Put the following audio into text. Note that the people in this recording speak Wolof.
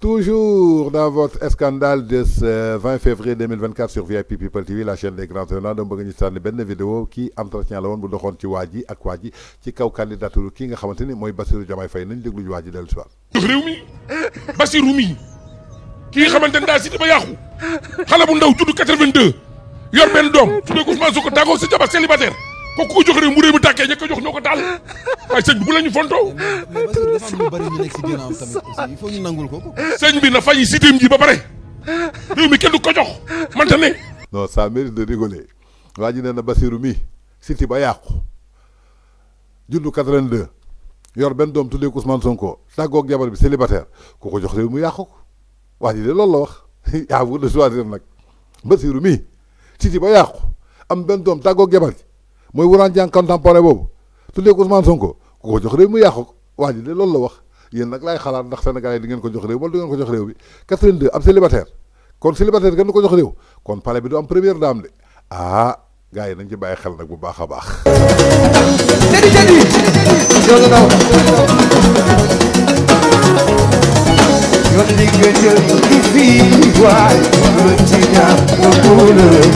Toujours dans votre scandale de ce 20 février 2024 sur VIP People TV la chaîne des grands tenants de bëgg ñu sànni vidéo qui entretien la woon bu doxoon ci waa ji ak waa ji ci kaw candidature est nga candidat ni mooy Bassirou Diomaye Faye nañ déglu ñu qui ji dellu si qui est mi candidat ne daa 82 yor ben dom tuddee ko Ousmane Sonko tago si jabar célibataire kooku ko jox réew mu réew mu tàkkee ko jox ñoko dal ay bu lañu fonto mais bari ñu il bi na fay sitim ji ba pare mi kenn du ko jox non ça mérite de rigoler waa na na Basirou mi siti ba je vais 82 yor ben dom tuddé Ousmane Sonko ak jabar bi célibataire ko ko jox rew mu yaqku ko de la wax yaa de choisir titi ba yàqu am benn doom tàggoo jabar ji mooy Wuraan Jaan contemporain boobu tuddee ko Ousmane Sonko ko jox réew mu yàqu ko waa ji de la wax yéen nag laay xalaat ndax Sénégalais di ngeen ko jox réew wala du ngeen ko jox réew bi 82 am célibataire kon célibataire kenn du ko jox réew kon palais bi du am première dame de ah gars yi nañ ci bàyyi xel nag bu baax a baax.